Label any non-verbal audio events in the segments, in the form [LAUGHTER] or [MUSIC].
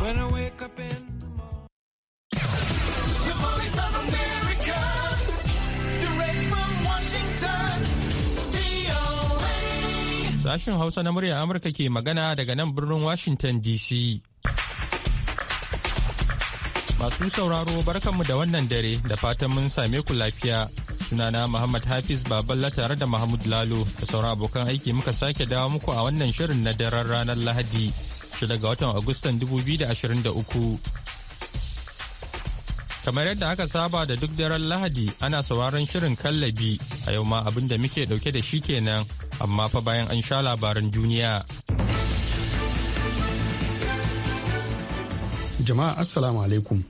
Sashen Hausa na murya Amurka ke magana daga nan birnin Washington DC. Masu sauraro barkanmu da wannan dare da fatan mun same ku lafiya. Sunana Muhammad Hafiz Baballa tare da Mahmud Lalo da sauran abokan aiki muka sake dawo muku a wannan shirin na daren ranar Lahadi. shi daga watan Agustan 2023. Kamar yadda aka saba da duk daren Lahadi ana sauraron shirin kallabi a yau ma abin da muke dauke da shi kenan amma fa bayan an sha labaran duniya. Jama'a Assalamu alaikum.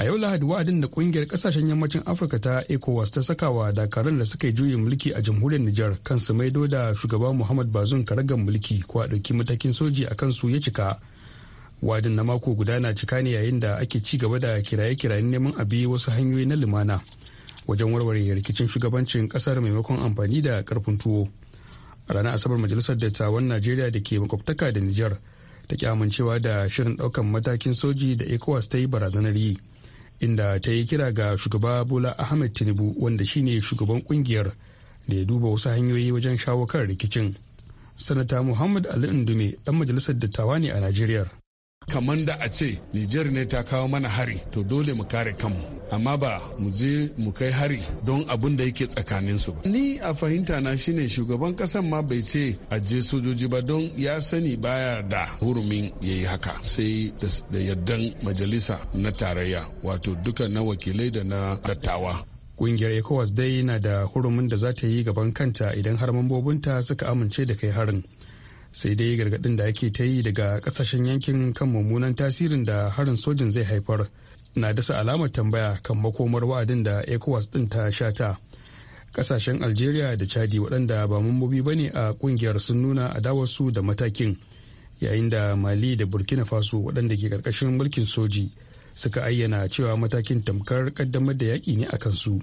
a yau lahadi wa'adin da kungiyar kasashen yammacin afirka ta ecowas ta saka wa dakarun da suka yi juyin mulki a jamhuriyar nijar kan su maido da shugaba muhammad bazum karagar mulki ko a ɗauki matakin soji a kansu ya cika wa'adin na mako guda na cika ne yayin da ake ci gaba da kiraye-kirayen neman abi wasu hanyoyi na lumana wajen warware rikicin shugabancin kasar maimakon amfani da karfin tuwo a ranar asabar majalisar dattawan najeriya da ke makwabtaka da nijar ta ki amincewa da shirin daukan matakin soji da ecowas ta yi barazanar yi inda ta yi kira ga shugaba bola ahmed tinubu wanda shine shugaban kungiyar da ya duba wasu hanyoyi wajen shawo kan rikicin sanata muhammad ali indume dan majalisar dattawa ne a najeriya kamar da a ce Nijar ne ta kawo mana hari to dole mu kare kanmu amma ba mu je mu kai hari don abin da yake tsakanin su ba ni a fahimta na shine shugaban kasan ma bai ce a je sojoji ba don ya sani baya da hurumin ya yi haka sai da yardan majalisa na tarayya wato duka na wakilai da na dattawa Ƙungiyar ECOWAS dai na da hurumin da za ta yi gaban kanta idan har mambobinta suka amince da kai harin. sai dai gargaɗin da ake ta yi daga kasashen yankin kan mummunan tasirin da harin sojin zai haifar na dasa alamar tambaya kan makomar wa'adin da ecowas ɗin ta shata kasashen algeria da chadi waɗanda ba mambobi ba ne a ƙungiyar sun nuna adawarsu da matakin yayin da mali da burkina faso waɗanda ke ƙarƙashin mulkin soji suka ayyana cewa matakin tamkar ƙaddamar da yaƙi ne a kansu. su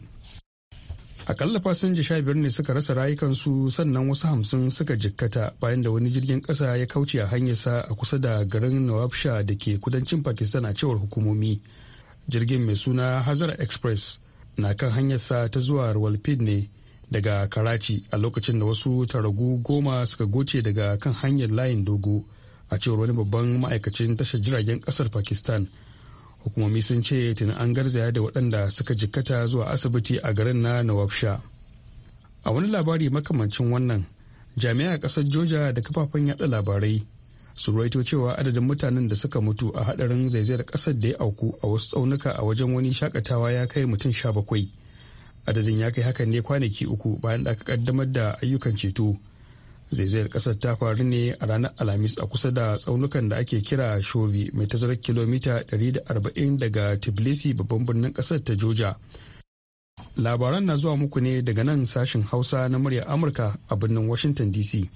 akalla fasinja sha biyar ne suka rasa rayukansu sannan wasu hamsin suka jikkata bayan da wani jirgin kasa ya kauce a hanyarsa a kusa da garin nawabsha da ke kudancin pakistan a cewar hukumomi jirgin mai suna hazara express na kan hanyarsa ta zuwa rawalpindi ne daga karachi a lokacin da wasu taragu goma suka goce daga kan hanyar layin dogo a cewar wani babban ma'aikacin tashar jiragen kasar pakistan hukumomi sun ce tuni an garzaya da waɗanda suka jikkata zuwa asibiti a garin na nawabsha a wani labari makamancin wannan jami'a ƙasar joja da kafafen yaɗa labarai su ruwaito cewa adadin mutanen da suka mutu a haɗarin zaizayar ƙasar da ya auku a wasu tsaunuka a wajen wani shakatawa ya kai mutum sha bakwai adadin ya kai hakan ne kwanaki uku bayan da aka kaddamar da ayyukan ceto zaizayar kasar ta faru ne a ranar alhamis a kusa da tsaunukan da ake kira shovi mai tazarar kilomita 140 daga tbilisi babban birnin kasar ta joja labaran na zuwa muku ne daga nan sashen hausa na murya amurka a birnin washington dc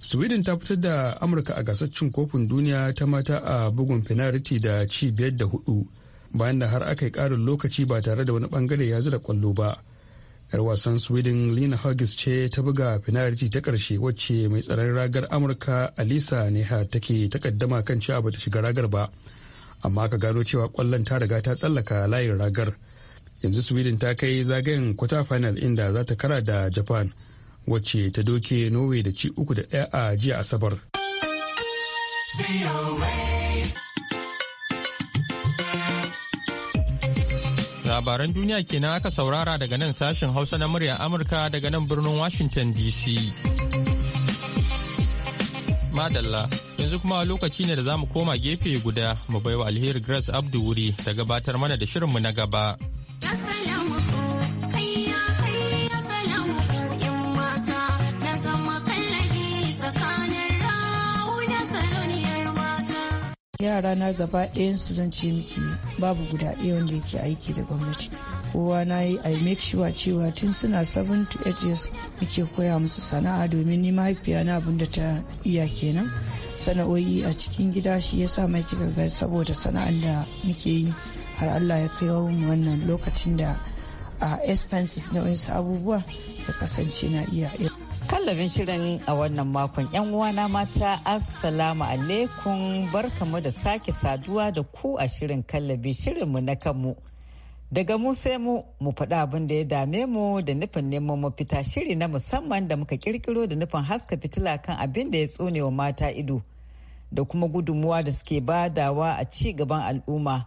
sweden ta fitar da amurka a gasar cin kofin duniya ta mata a bugun fenariti da ci biyar da hudu bayan da har aka yi karin lokaci ba tare da wani bangare ya zira kwallo ba 'Yar wasan Sweden Lina Huggins ce ta buga finariti ta karshe wacce mai tsaron ragar Amurka Alisa Neha take takaddama kan cewa bata shiga ragar ba. Amma aka gano cewa kwallon ta riga ta tsallaka layin ragar. Yanzu Sweden ta kai zagayen kwata final inda za ta kara da Japan wacce ta doke Norway da ci uku da ɗaya a jiya Asabar. Labaran duniya kenan aka saurara daga nan sashen Hausa na murya Amurka daga nan birnin Washington DC. Madalla, yanzu kuma lokaci ne da za mu koma gefe guda mu baiwa alheri Grace Abdu wuri da gabatar mana da shirinmu na gaba. yara na gaba ɗayan su zan ce miki babu guda ɗaya wanda yake aiki da gwamnati kowa na yi a make sure cewa tun suna 7 to 8 years muke koya musu sana'a domin ni mahaifiya na abin da ta iya kenan sana'o'i a cikin gida shi ya sa mai kika ga saboda sana'an da muke yi har Allah ya kai mu wannan lokacin da a ah, expenses na wasu abubuwa ya kasance na iya kallabin shirin a wannan makon yan uwana mata assalamu alaikum barkamu da sake saduwa da ku a shirin kallabi shirinmu na kanmu daga mu sai mu mu faɗa abin da ya dame mu da nufin neman mafita shiri na musamman da muka kirkiro da nufin haska fitila kan abin da ya tsone wa mata ido da kuma gudunmuwa da suke badawa a ci gaban al'umma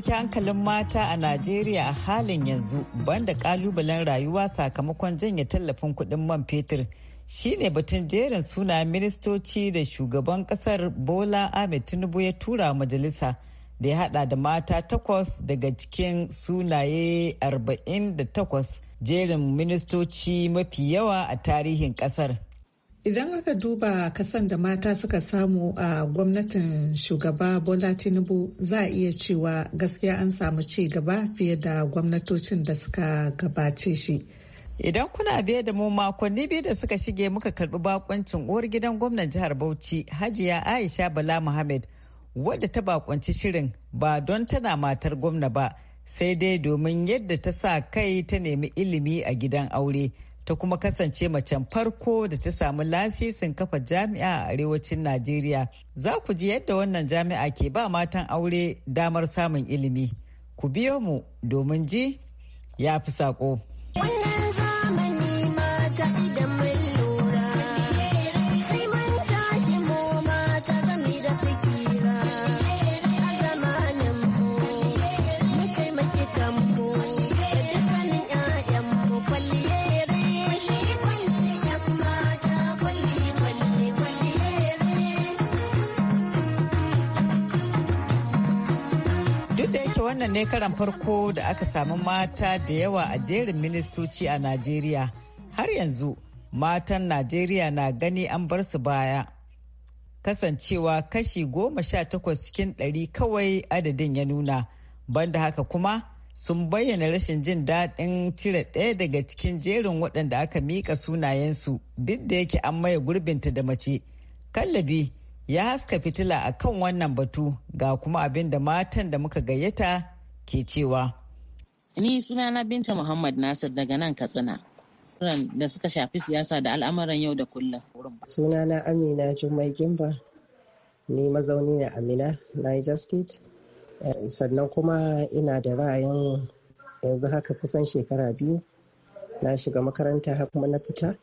ɗauki hankalin mata a Najeriya a halin yanzu banda ƙalubalen rayuwa sakamakon janye tallafin kuɗin man fetur shine batun jerin suna ministoci da shugaban ƙasar Bola Ahmed Tinubu ya tura majalisa da ya haɗa da mata takwas daga cikin sunaye 48 jerin ministoci mafi yawa a tarihin ƙasar. Idan aka duba kasan da mata suka samu a gwamnatin shugaba Bola Tinubu za a iya cewa gaskiya an samu ci gaba fiye da gwamnatocin da suka gabace shi. Idan kuna biye da mu makonni biyu da suka shige muka karbi bakoncin uwar gidan gwamnan jihar Bauchi Hajiya Aisha Bala Muhammad wadda ta bakonci shirin ba don tana matar gwamna ba sai dai domin yadda ta sa kai ta nemi ilimi a gidan aure. ta kuma kasance macen farko da ta samu lasisin kafa jami'a a arewacin Najeriya. Za ku ji yadda wannan jami'a ke ba matan aure damar samun ilimi. Ku biyo mu domin ji ya fi saƙo. wannan ne karan farko da aka samu mata da yawa a jerin ministoci a najeriya har yanzu matan najeriya na gani an bar su baya kasancewa kashi goma sha takwas cikin ɗari kawai adadin ya nuna banda haka kuma sun bayyana rashin jin daɗin cire ɗaya daga cikin jerin waɗanda aka mika sunayensu duk da yake an maye gurbinta da mace kallabi ya haska fitila a kan wannan batu ga kuma abin da matan da muka gayyata ke cewa. Ni sunana Binta Muhammad Nasir daga nan Katsina. da suka shafi siyasa da al'amuran yau da kullum. Sunana Amina Jummai Gimba, ni mazauni na Amina, Niger State. Eh, sannan kuma ina da ra'ayin yanzu haka kusan shekara biyu na shiga makaranta kuma na fita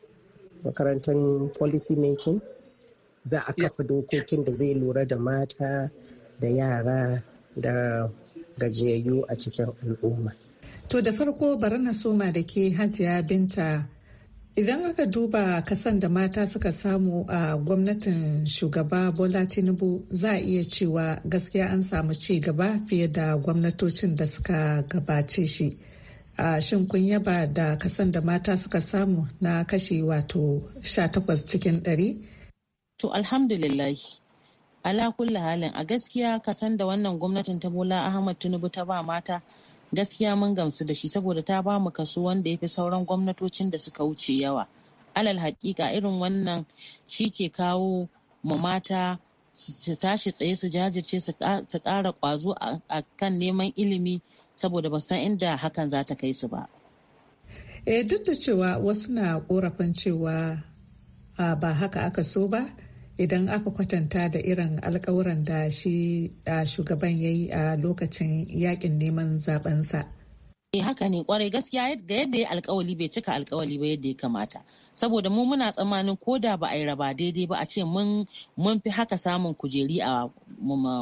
makarantar policy making za a kafa dokokin da zai lura da mata da yara da gajiyayyu a cikin al'umma. To da farko bari na soma da ke hajiya binta idan aka duba kasan da mata suka samu a gwamnatin shugaba bola tinubu za a iya cewa gaskiya an samu ci gaba fiye da gwamnatocin da suka gabace shi a shin kun yaba da kasan da mata suka samu na kashi wato 18 cikin 100 To alhamdulillahi. Ala kulli halin a gaskiya ka san da wannan gwamnatin ta Bola Ahmad Tinubu ta ba mata gaskiya mun gamsu da shi saboda ta ba mu kaso wanda ya fi sauran gwamnatocin da suka wuce yawa. Alal haƙiƙa irin wannan shi ke kawo mu mata su tashi tsaye su jajirce su ƙara ƙwazo a kan neman ilimi saboda ba san inda hakan za ta kai su ba. eh duk da cewa wasu na korafin cewa ah, ba haka aka so ba idan aka kwatanta da irin alkawuran da shi shugaban ya yi a lokacin yakin neman zabensa. Eh haka ne kwarai gaskiya ga yadda ya alkawali bai cika alkawali ba yadda ya kamata saboda mu muna tsammanin ko da ba a yi raba daidai ba a ce mun fi haka samun kujeri a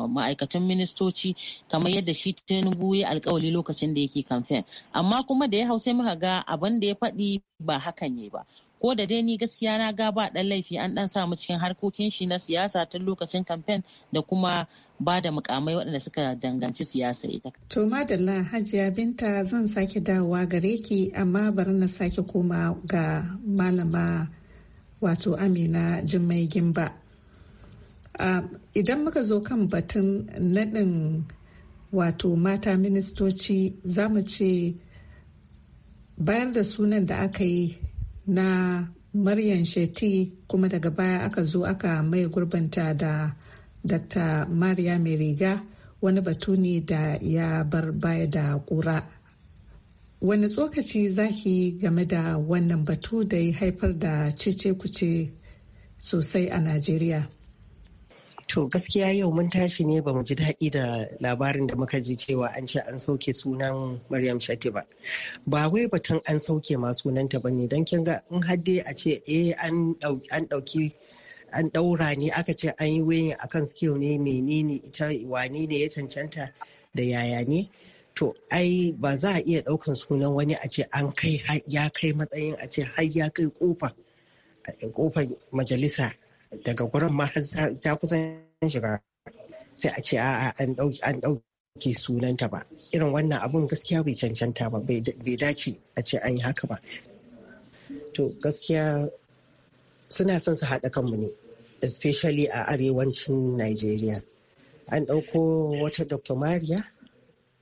ma'aikatan ministoci kamar yadda shi tinubu ya alkawali lokacin da yake kamfen amma kuma da ya hau sai muka ga abin da ya faɗi ba haka ne ba ko da dai ni gaskiya na ga ba dan laifi an dan samu cikin harkokin shi na siyasa tun lokacin kamfen da kuma ba da mukamai waɗanda suka danganci siyasa ita. To madalla hajiya binta zan sake dawowa gare ki amma bari na sake koma ga malama wato amina jimmai gimba. Idan muka zo kan batun naɗin wato mata ministoci za mu ce bayar da sunan da aka yi na Maryam Sheti kuma daga baya aka zo aka mai gurbanta da Dr. Maria Meriga wani batu ne da ya bar baya da ƙura. Wani tsokaci zaki game da wannan batu da ya haifar da cece kuce sosai a Najeriya? To gaskiya yau mun tashi ne ba mu ji daɗi da labarin da muka ji cewa an ce an sauke sunan Maryam Shati ba. Ba wai batun an sauke ma sunanta ba ne don kin ga in hadde a ce eh an ɗauki an ɗaura ne aka ce an yi wayin akan skill ne menene ita wani ne ya cancanta da yaya ne. to ai ba za a iya ɗaukan sunan wani a ce an kai ya kai matsayin a ce har ya kai kofa kofar majalisa daga gurin ma har ta kusan shiga sai a ce a'a an ɗauki sunanta ba irin wannan abun gaskiya bai cancanta ba bai dace a ce an yi haka ba to gaskiya suna son su haɗa kanmu ne especially a arewacin nigeria an ɗauko wata dr maria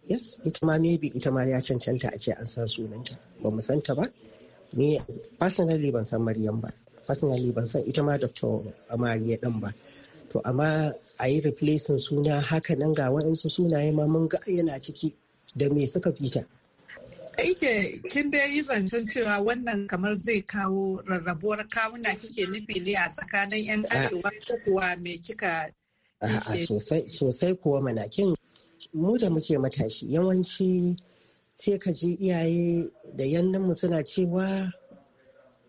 yes ita ma maybe ita ma ya cancanta a ce an san sunanta ba mu santa ba ni personally ban san maryam ba personally ban san ita ma dr amariya dan ba to amma a yi replacing suna haka nan ga waɗansu sunaye ma mun ga yana ciki da me suka fita Aike kin dai yi zancen cewa wannan kamar zai kawo rarrabuwar kawuna kike nufi ne a tsakanin 'yan arewa ko kuwa me kika sosai kuwa manakin mu da muke matashi yawanci sai ka ji iyaye da mu suna cewa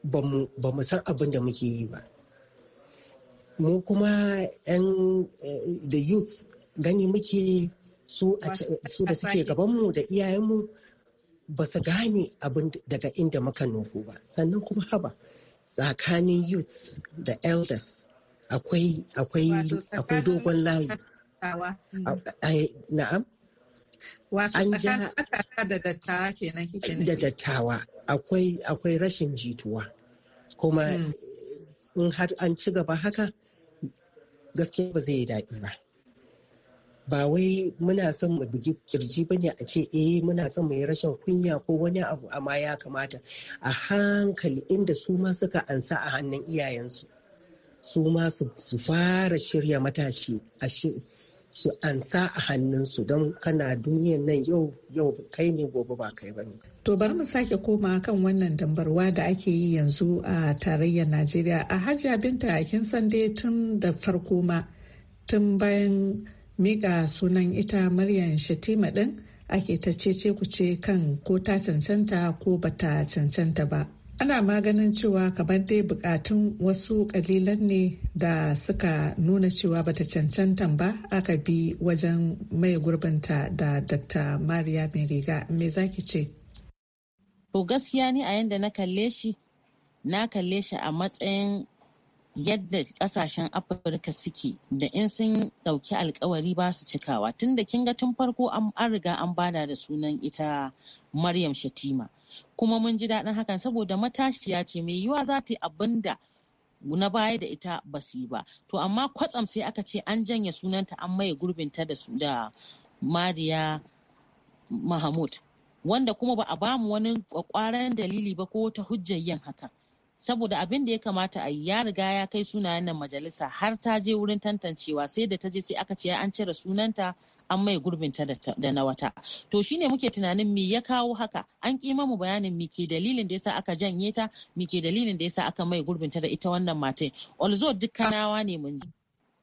ba mu san abin da muke yi ba mu kuma yan da eh, youth gani muke su da suke gabanmu da iyayenmu ba su gane abin daga inda muka nufu ba sannan kuma haba tsakanin youth da elders akwai akwai dogon layi hmm. na'am an ja da dattawa akwai rashin jituwa kuma mm. in har an ci gaba haka gaske ba zai yi daɗi ba ba wai muna son mu bugi kirji ba ne a ce eh muna son mu yi rashin kunya ko wani abu amma ya kamata a hankali inda su ma suka ansa a hannun iyayensu su ma su fara shirya matashi a su sa a hannunsu don kana duniyan nan yau yau kai ne gobe ba kai ba ne. To bari mu sake koma kan wannan dambarwa da ake yi yanzu a tarayyar Najeriya a Hajiya Binta kin san dai tun da farko ma tun bayan mika sunan ita Maryam Shatima din ake ta ce ku ce kan ko ta cancanta ko bata cancanta ba ana maganin cewa kamar dai bukatun wasu kalilan ne da suka nuna cewa bata cancantan ba aka bi wajen mai gurbinta da dr mariya mai riga me zaki ce to gaskiya ne a yadda na kalle shi na kalle shi a matsayin yadda kasashen afirka suke da in sun dauki alkawari ba su cikawa tun da kin ga tun farko an riga an bada da sunan ita maryam shatima kuma mun ji daɗin hakan saboda matashiya ce mai yiwa za ta yi abin da na baya da ita ba su yi ba to amma kwatsam sai aka ce an janye sunanta an maye gurbinta da da mariya mahamud wanda kuma ba a bamu wani kwakwaran dalili ba ko ta hujjar yin hakan saboda abin da ya kamata a yi ya riga ya kai sunayen nan majalisa har ta je wurin tantancewa sai da ta je sai aka ce an cire sunanta an mai gurbinta da na wata to shine muke tunanin me ya kawo haka an kima mu bayanin mi ke dalilin da yasa aka janye ta mi ke dalilin da yasa aka mai gurbin ta da ita wannan matai duk dukkanawa ne mun ji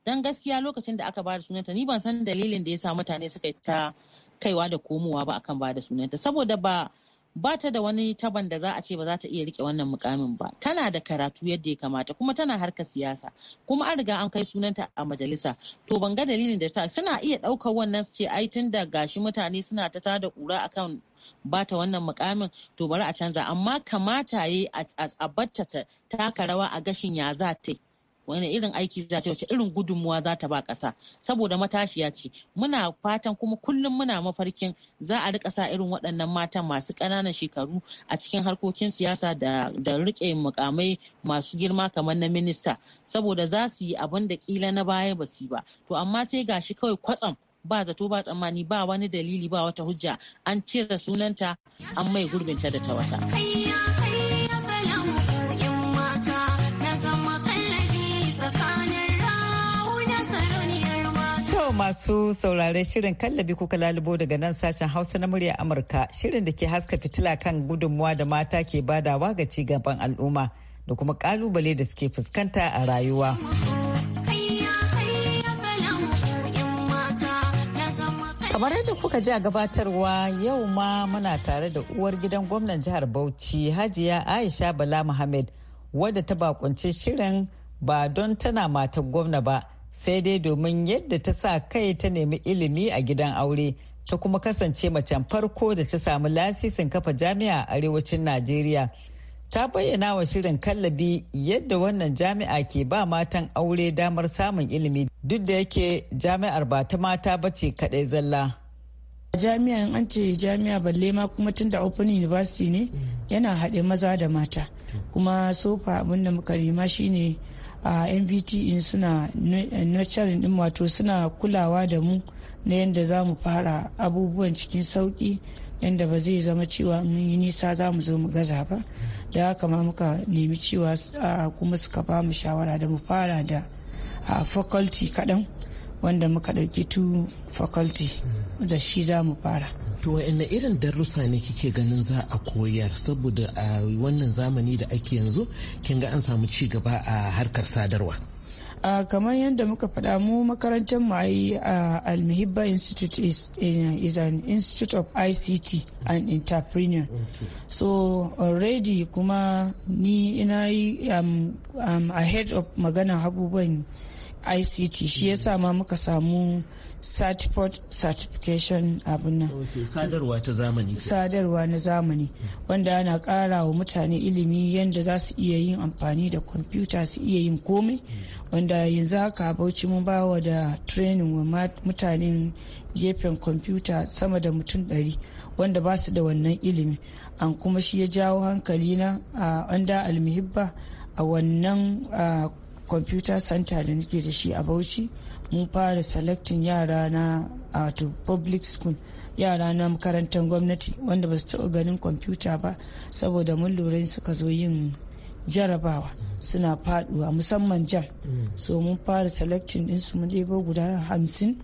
dan gaskiya lokacin da aka ba da sunanta ni ban san dalilin da yasa mutane suka ta kaiwa da komowa ba akan ba da sunanta saboda ba ba ta da wani taban da za a ce ba za ta iya rike wannan mukamin ba tana da karatu yadda ya kamata kuma tana harka siyasa kuma an riga an kai sunanta a majalisa to ban ga dalilin da sa suna iya ɗaukar wannan su ce ai tun da gashi mutane suna ta tada kura akan ba ta wannan mukamin to bari a canza amma kamata yi a batta ta taka rawa a gashin ya za ta yi wani irin aiki za ta wace irin gudunmuwa za ta ba ƙasa saboda matashiya ce muna fatan kuma kullum muna mafarkin za a rika sa irin waɗannan matan masu ƙananan shekaru a cikin harkokin siyasa da riƙe mukamai masu girma kamar na minista saboda za su yi abin da ƙila na baya ba su ba to amma sai gashi kawai kwatsam ba zato ba tsammani ba wani dalili ba wata hujja an cire sunanta an mai gurbinta da ta wata. masu saurare shirin kallabi kuka lalubo daga nan sashen Hausa na murya Amurka shirin da ke haska fitila kan gudunmuwa da mata ke badawa ga cigaban al'umma da kuma kalubale da suke fuskanta a rayuwa. kamar yadda kuka ji a gabatarwa yau ma muna tare da uwar gidan gwamnan jihar bauchi hajiya aisha bala muhammad wadda ta bakunci shirin ba don tana matar gwamna ba sai dai domin yadda ta sa kai ta nemi ilimi a gidan aure ta kuma kasance macen farko da ta samu lasisin kafa jami'a a arewacin najeriya ta bayyana wa shirin kallabi yadda wannan jami'a ke ba matan aure damar samun ilimi duk da yake jami'ar ba ta mata ba ce kaɗai zalla jami'a an ce jami'a balle ma kuma tun da open university ne mm. yana haɗe maza da mata mm. kuma sofa abinda muka nema shine a in suna eh, nurturing din wato suna kulawa da mu na yadda za mu fara abubuwan cikin sauki yadda ba zai zama cewa mun yi nisa za mu zo mu gaza ba da haka ma muka nemi cewa kuma suka ba mu shawara da mu fara da a faculty kaɗan wanda muka ɗauki tu faculty da shi za mu fara To wa'anne irin darussa ne kike ganin za a koyar saboda a wannan zamani da ake yanzu kin ga an samu ci gaba a harkar sadarwa. Uh, kamar yadda muka faɗa mu makarantar mu a uh, almihibba institute is, uh, is an institute of ict and entrepreneur so already kuma ni ina yi um, um, ahead of magana abubuwan ict shi yasa ma muka samu certificate certification abin nan. sadarwa ta zamani sadarwa na zamani wanda ana kara wa mutane ilimi yadda za su iya yin amfani da kwamfuta su iya yin komai wanda yanzu haka bauchi mun bawa da training wa mutanen gefen kwamfuta sama da mutum ɗari wanda ba su da wannan ilimi an kuma shi ya jawo hankali na a uh, almihibba a wannan computer center da nake da shi a bauchi mun fara selectin yara na to public school yara na makarantar gwamnati wanda ba su taɓa ganin computer ba saboda mun lura suka zo yin jarabawa suna faduwa musamman jar so mun fara selectin ɗinsu mun ɗebo guda hamsin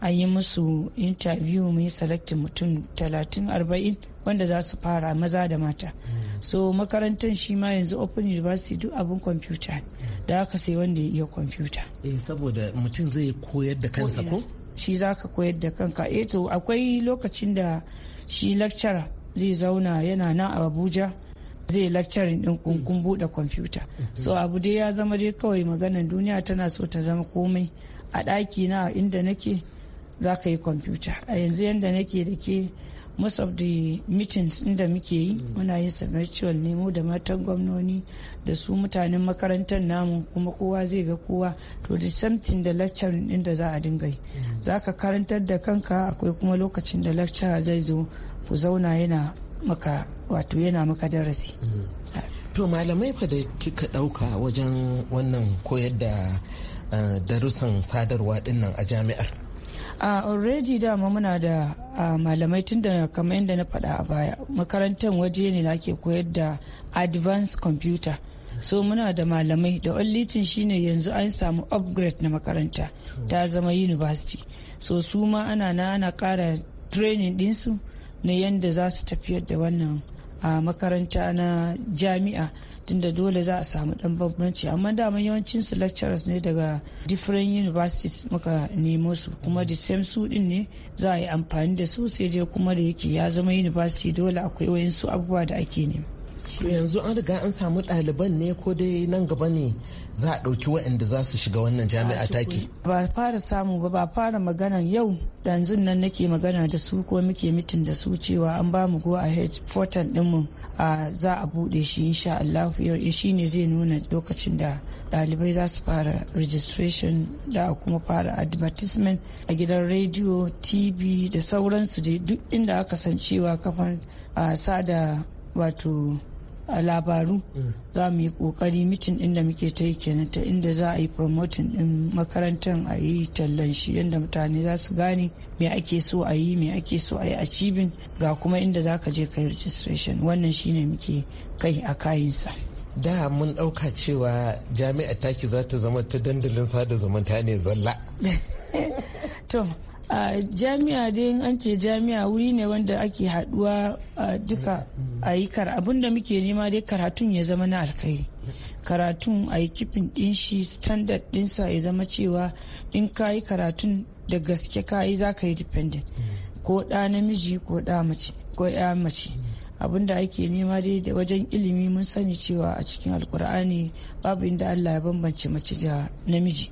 an yi musu interview mun yi selectin mutum talatin arba'in wanda za su fara maza da mata so makarantar shi ma yanzu open university duk abin kwamfuta da aka sai wanda ya iya kwamfuta eh saboda mutum zai koyar da kansa ko shi za ka koyar da kanka eh to akwai lokacin da shi lecturer zai zauna yana nan a abuja zai lecturing din kun buɗe kwamfuta so abu dai ya zama dai kawai maganan duniya tana so ta zama komai a ɗaki na inda nake za ka yi kwamfuta a yanzu yanda nake da ke most of the meetings inda muke yi mm. muna yin virtual ne mu da matan gwamnoni da su mutanen makarantar namu kuma kowa zai ga kowa to same something da lecture din da za a dinga yi mm. za ka karantar da kanka akwai kuma lokacin da lecture zai zo ku zauna yana maka wato yana maka darasi mm. to malamai fa da kika dauka wajen wannan koyar da eh, darussan sadarwa dinnan a jami'ar a already dama muna da malamai tun da kamar yadda na faɗa a baya makarantar waje ne da ake koyar da advanced computer so muna da malamai da litin shine yanzu an samu upgrade na makaranta ta zama university so su ma ana na ana kara training ɗinsu na yadda za su tafiyar da wannan a makaranta na jami'a tunda dole za a samu dan bambanci amma dama yawancin su lecturers ne daga different universities muka nemo su kuma the same su din ne za a yi amfani da su sai dai kuma da yake ya zama university dole akwai wayansu abubuwa da ake nema To yanzu an riga an samu ɗaliban ne ko dai nan gaba ne za a ɗauki waɗanda za su shiga wannan jami'a taki. Ba fara samu ba ba fara magana yau yanzu nan nake magana da su ko muke mitin da su cewa an ba mu go head portal ɗinmu a za a buɗe shi insha Allah yau eh, shi ne zai nuna lokacin da ɗalibai za su fara registration da kuma fara advertisement a gidan rediyo tv da sauransu duk inda aka san cewa kafan sada wato a labaru mm. za mu yi kokari mitin inda muke ta yi kenan ta inda za a yi promoting din makarantar a yi tallan shi yadda mutane za su gane me ake so a yi me ake so a yi achieving ga kuma inda za ka je ka yi registration wannan shi ne muke kai a kayinsa. da mun ɗauka cewa jami'a taki za ta zama ta dandalin sada zumunta ne zalla [LAUGHS] to a jami'a dai an ce jami'a wuri ne wanda ake haduwa duka a yi da muke nema dai karatun ya zama na alkai karatun a yi kifin din shi standard dinsa ya zama cewa in ka yi karatun da gaske ka yi za ka yi dependent ko da namiji ko da ko ya mace abin da ake nema dai da wajen ilimi mun sani cewa a cikin alkur'ani babu inda allah ya bambance mace da namiji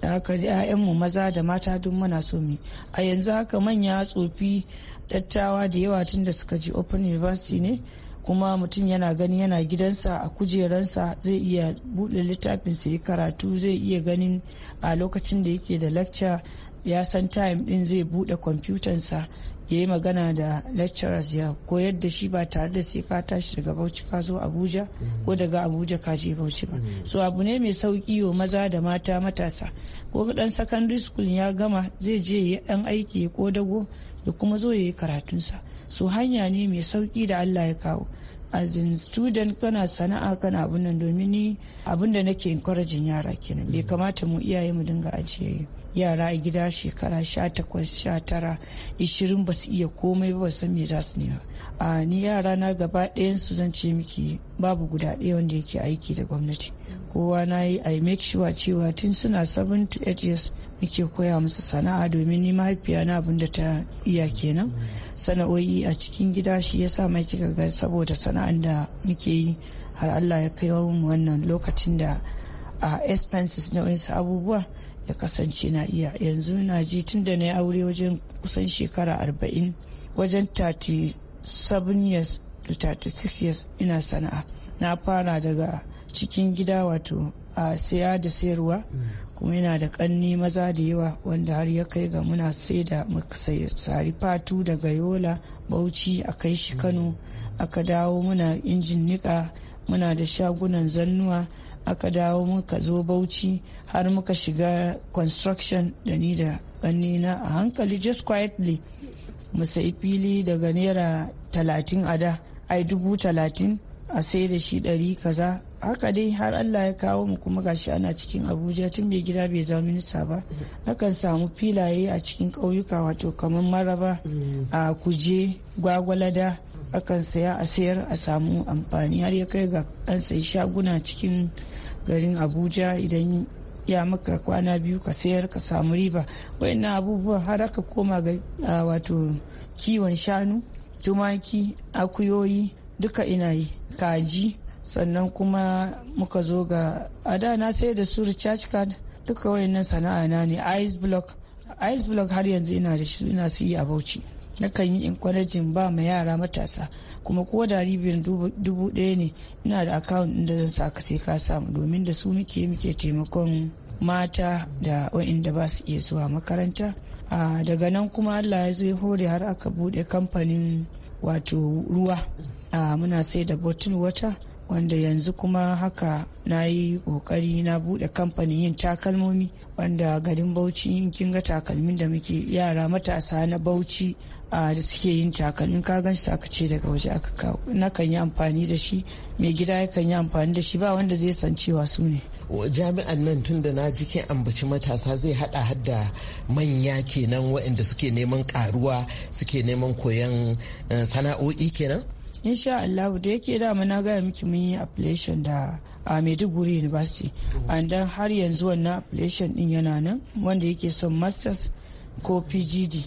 da haka mu maza da mata duk muna so mu a yanzu haka manya tsofi dattawa da yawa tun da suka ji open university ne kuma mutum yana gani yana gidansa a kujeransa zai iya buɗe littafinsa yi karatu zai iya ganin a lokacin da yake da lecture ya san time ɗin zai buɗe kwamfutansa ya yi magana da lecturers ya koyar da shi ba tare da sai ka tashi daga bauchi ka zo abuja ko daga abuja ka je bauchi ba so abu ne mai sauki wa maza da mata matasa ko dan secondary school ya gama zai je ya dan aiki ya kodago ya kuma zo ya yi karatunsa so hanya ne mai sauki da allah ya kawo as in student kana sana'a kana abun nan domin ni abun da nake encouraging yara kenan bai kamata mu iyaye mu dinga ajiye yara a gida shekara sha sha takwas tara ishirin ba su iya komai ba san me za su nema a ni yara na gaba ɗayan su zan ce miki babu guda ɗaya wanda yake aiki da gwamnati kowa na yi i make sure cewa tun suna 7 to 8 years muke koya musu sana'a domin ni mahaifiya na abin da ta iya kenan sana'o'i a cikin gida shi yasa mai kika ga saboda sana'an da muke yi har Allah ya kai mu wannan lokacin da a expenses na wasu abubuwa ya kasance na iya yanzu na ji tun da na aure wajen kusan shekara arba'in wajen 37 years to 36 years ina sana'a na fara daga cikin gida wato a saya da sayarwa kuma yana da kanni maza da yawa wanda har ya kai ga muna sai da sari fatu daga yola bauchi a kai shi kano aka dawo muna injin niƙa muna da shagunan zannuwa aka dawo muka zo bauchi har muka shiga construction da ni da ƙannina a hankali just quietly mu fili daga naira talatin a da ai dubu talatin a sai da shi ɗari kaza haka dai har allah ya kawo mu kuma gashi ana cikin abuja tun bai gida bai zama minista ba akan samu filaye a cikin ƙauyuka wato kamar maraba a kuje gwagwalada akan saya a sayar a samu amfani har ya kai ga an sayi shaguna cikin garin abuja idan ya maka kwana biyu ka sayar ka samu riba wayannan abubuwa har aka koma ga wato kiwon shanu tumaki akuyoyi duka ina yi kaji sannan kuma muka zo ga a da na sai da su recharge card duka wayannan sana'a na ne ice block ice block har yanzu ina da shi ina su yi a bauchi nakan yi in kwalejin ba ma yara matasa kuma ko da ribin dubu ɗaya ne ina da account inda zan sa ka sai ka samu domin da su muke muke taimakon mata da wa'inda ba su iya zuwa makaranta daga nan kuma allah ya zo ya hore har aka buɗe kamfanin wato ruwa muna sai da bottle wata. wanda yanzu kuma haka na yi kokari na bude kamfanin yin takalmomi wanda garin bauchi in kin ga takalmin da muke yara matasa na bauchi a da suke yin takalmin ka gan aka ce daga waje aka kawo na kan yi amfani da shi mai gida ya kan yi amfani da shi ba wanda zai san cewa su ne jami'an nan tun da na jikin ambaci matasa zai hada hada manya kenan waɗanda suke neman karuwa suke neman koyon eh, sana'o'i kenan insha Allah da yake da na gaya miki mun yi application da a Maiduguri University and dan har yanzu wannan application din yana nan wanda yake son masters ko PGD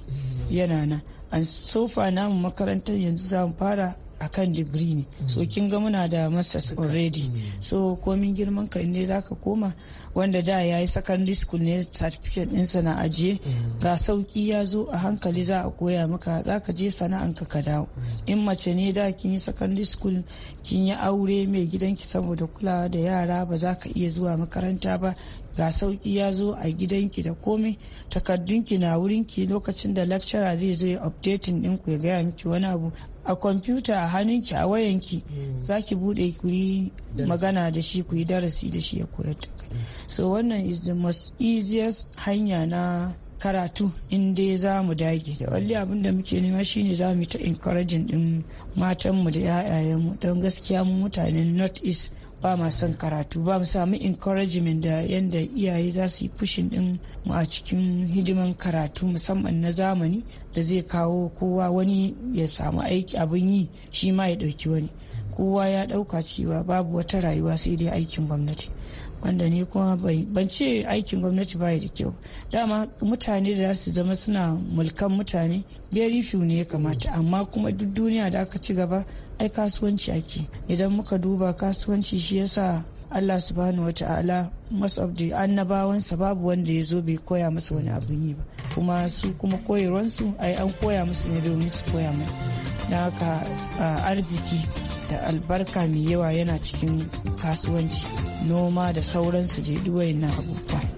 yana nan and so far namu makarantar yanzu za mu fara a kan digiri ne so kin ga muna da masters already so komin girman ka ne ka koma wanda da ya yi secondary school ne certificate din sana ajiye ga sauki ya zo a hankali za a koya maka ka je sana'anka ka dawo in mace ne da kin yi secondary school kin yi aure mai gidanki saboda kulawa da yara ba za ka iya zuwa makaranta ba ga sauki ya zo a gidanki da komai takardunki na wurinki lokacin da lecturer zai zo ya updating ɗinku ya gaya miki wani abu a kwamfuta a hannunki a wayanki hmm. za ki bude ku yi magana da shi ku yi darasi da shi ya koyar da kai hmm. so wannan is the most easiest hanya na karatu in dai za mu dage da hmm. walli abin da muke nema shine za mu ta encouraging din matanmu da 'ya'yayenmu don gaskiya mu mutanen north east ba ma son karatu ba mu samu encouragement da yadda iyaye za su yi fushin din mu a cikin hidiman karatu musamman na zamani da zai kawo kowa wani ya samu aiki abin yi shi ma ya ɗauki wani kowa ya ɗauka cewa babu wata rayuwa sai dai aikin gwamnati wanda ni kuma ban ce aikin gwamnati ba da kyau dama mutane da su zama suna mulkan mutane very ne ya kamata amma kuma duk duniya da aka ci gaba ai kasuwanci ake idan muka duba kasuwanci shi yasa Allah subhanahu wa ta'ala most of the annabawansa babu wanda ya zo bai koya masa wani abun yi ba kuma su kuma koyarwansu ai an koya musu ne domin su koya mu na haka arziki da albarka mai yawa yana cikin kasuwanci noma da sauransu je duwayen na abubuwa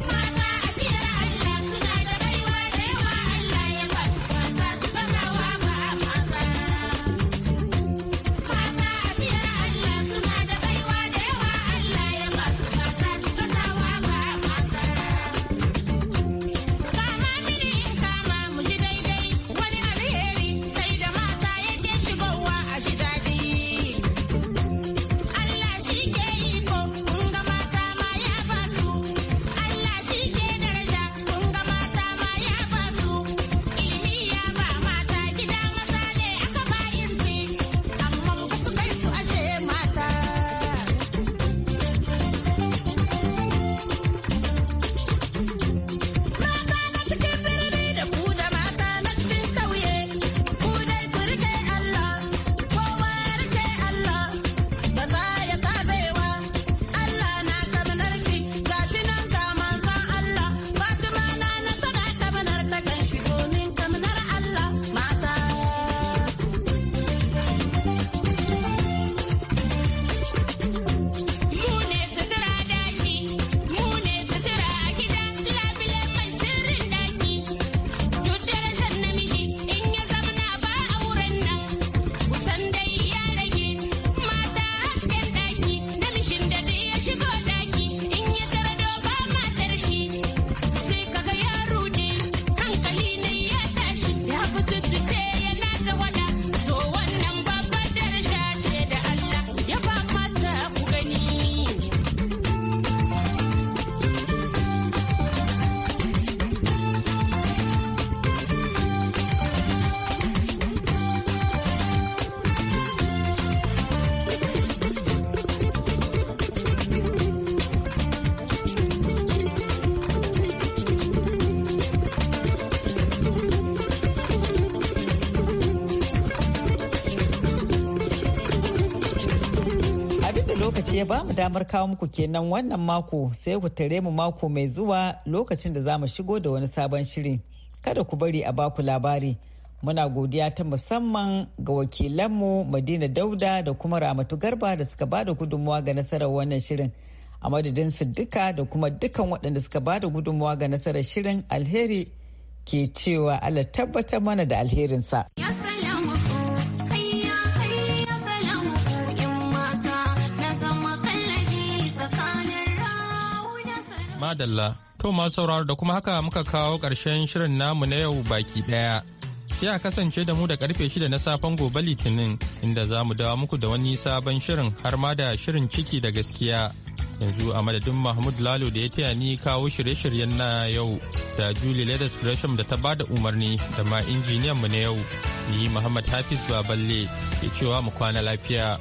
mu damar kawo muku kenan wannan mako sai ku tare mu mako mai zuwa lokacin da za mu shigo da wani sabon shirin. Kada ku bari a baku labari. Muna godiya ta musamman ga wakilanmu Madina Dauda da kuma Ramatu Garba da suka ba da gudunmuwa ga nasarar wannan shirin. A madadin su duka da kuma dukan waɗanda suka ba da gudunmuwa ga nasarar shirin alheri ke cewa Allah tabbatar mana da alherinsa. Yes, madalla to ma sauraro da kuma haka muka kawo ƙarshen shirin namu na yau baki ɗaya sai a kasance da mu da karfe shida na safen gobe litinin inda za mu dawo muku da wani sabon shirin har ma da shirin ciki da gaskiya yanzu a madadin mahmud lalo da ya taya ni kawo shirye-shiryen na yau da julie leathers gresham da ta ba da umarni da ma injiniyan mu na yau ni muhammad hafiz baballe ke cewa mu kwana lafiya